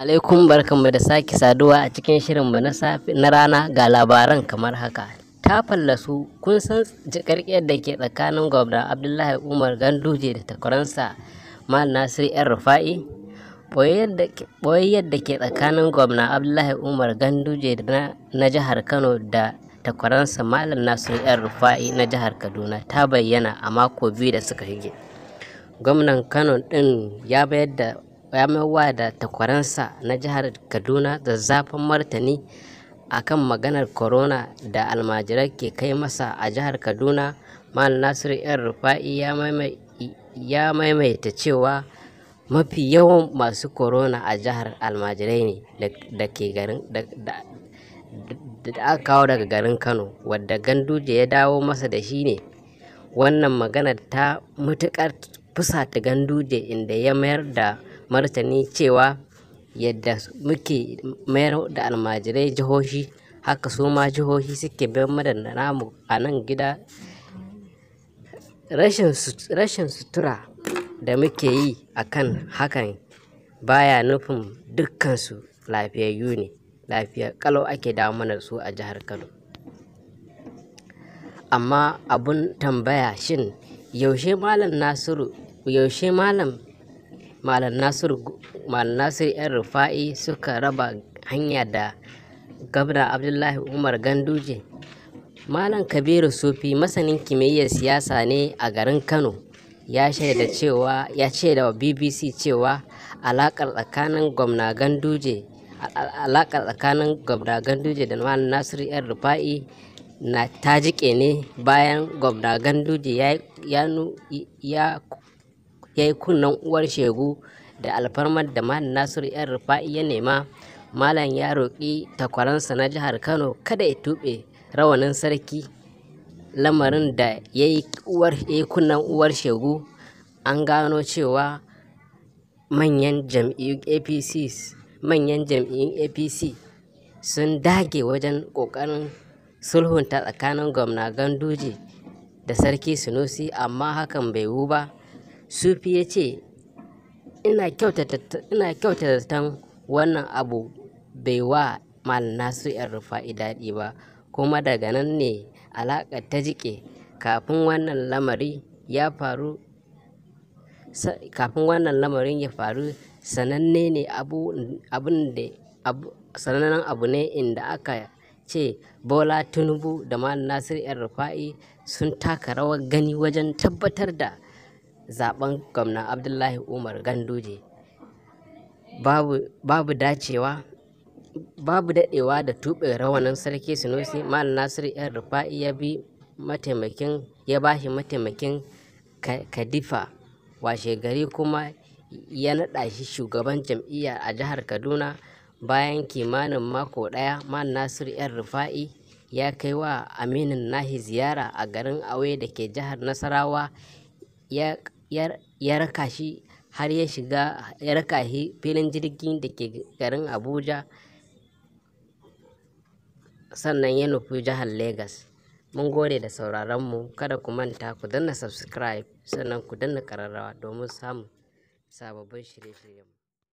alaikum barkanmu da sake saduwa a cikin shirinmu na na rana ga labaran kamar haka ta fallasu kun san jikarkiyar da ke tsakanin gwamna abdullahi umar ganduje da takwaransa mal nasir yan rufa'i boyayyar da ke tsakanin gwamna abdullahi umar ganduje na jihar kano da takwaransa malam nasir yan rufa'i na jihar kaduna ta bayyana a mako biyu da suka hige gwamnan kano din ya bayar da ya da takwaransa na jihar kaduna da zafin martani a kan maganar corona da almajirai ke kai masa a jihar kaduna mal nasiru yan rufa'i ya maimaita cewa mafi yawan masu corona a jihar almajirai ne da ke garin da aka kawo daga garin kano wadda ganduje ya dawo masa da shi ne wannan maganar ta matuƙar fusata ganduje inda ya mayar da martani cewa yadda muke mayar da almajirai jihohi haka su ma jihohi suke bayan mana da namu a nan gida rashin sutura da muke yi akan hakan baya nufin dukkansu lafiyayyu ne lafiya kalau ake dawo su a jihar kano amma abun tambaya shin yaushe malam nasiru yaushe malam malam nasir yan rufa'i suka raba hanya da gabna abdullahi umar ganduje malam kabiru sufi masanin kimiyyar siyasa ne a garin kano ya shaida cewa ya ce da bbc cewa alaƙar tsakanin gwamna ganduje alakar tsakanin gwamna ganduje da malam nasiru yan rufa'i na ta jike ne bayan gwamna ganduje ya ya yi kunnen uwar shegu da alfarmar da malam nasiru yan rufa'i ya nema malam ya roƙi takwaransa na jihar kano kada ya tuɓe rawanin sarki lamarin da ya yi kunnen uwar shegu an gano cewa manyan jam'iyyun apc manyan jam'iyyun apc sun dage wajen ƙoƙarin sulhunta tsakanin gwamna ganduje da sarki sunusi amma hakan bai wu ba Sufi ya ce, Ina kyautata zaton wannan abu bai wa Malam Nasu ‘yan rufa'i daɗi ba, kuma daga nan ne alaƙa ta jike kafin wannan lamarin ya faru sananne ne abu ne inda aka ce bola tinubu da malam nasir yan rufa'i sun taka rawar gani wajen tabbatar da zaben gwamna abdullahi umar ganduje babu, babu dacewa babu daɗewa da tuɓe rawanin sarki sinusi mal nasir yan rufa'i ya bi mataimakin ya bashi mataimakin kadifa washe gari kuma ya naɗa shi shugaban jam'iyya a jihar kaduna bayan kimanin mako ɗaya mal nasir yan rufa'i ya kai wa aminin nahi ziyara a garin awe da ke jihar nasarawa ya ya raka shi har ya shiga ya raka shi filin jirgin da ke garin abuja sannan ya nufi jihar Legas. Mun gode da sauraronmu kada ku manta ku danna subscribe sannan ku danna ƙararrawa domin samun sababbin shirye-shiryenmu.